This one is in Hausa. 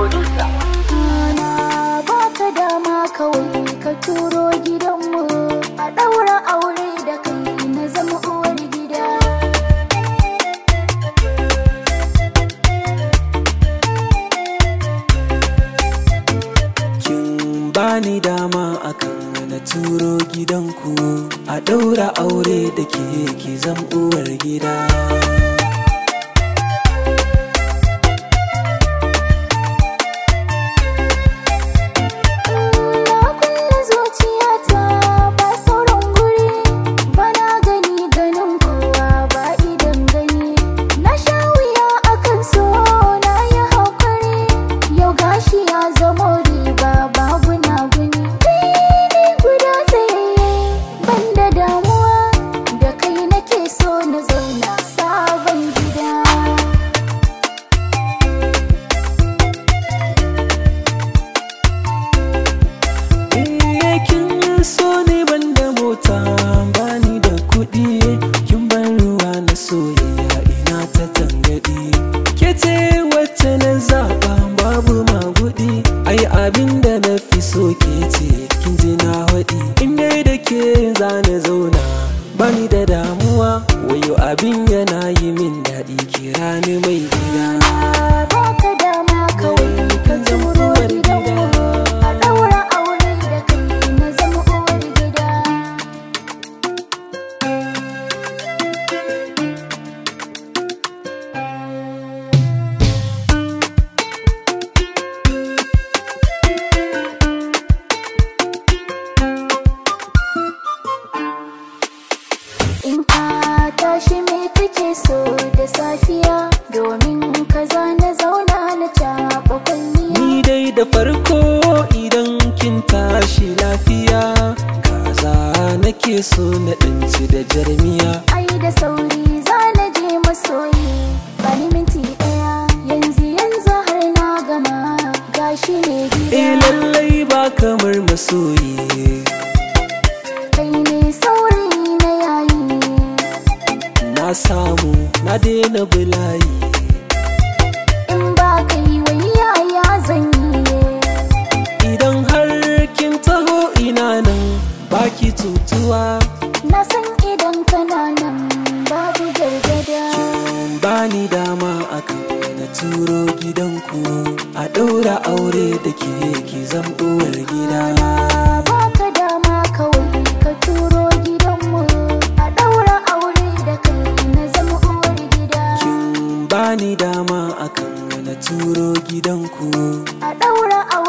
masoyinka Ana dama kawai ka turo gidanmu a ɗaura aure da kai na zama gida Kin bani dama akan na turo gidanku a ɗaura aure da ke ke zama uwar gida so ne ban da mota ba ni da kuɗi kin ban ruwa na soyayya ina ta tangaɗi ke ce wacce na zaɓa babu magudi ai abin da na fi so ke ce kin ji na haɗi in dai da ke zana zauna ba ni da damuwa wayo abin yana yi min daɗi kira ni mai gida ba ka dama kawai ko idan kin tashi lafiya kaza nake so na ɗanci da jarmiya ai da sauri za na je masoyi bani minti ɗaya yanzu yanzu har na gama gashi ne gida eh lallai ba kamar masoyi kai ne sauri na yayi na samu na daina bulayi in ba kai bani dama akan na turo gidanku a ɗaura aure da ke ki zam uwar gida baka dama kawai ka turo gidanmu a ɗaura aure da kai na zam uwar gida kin bani dama akan na turo gidanku a ɗaura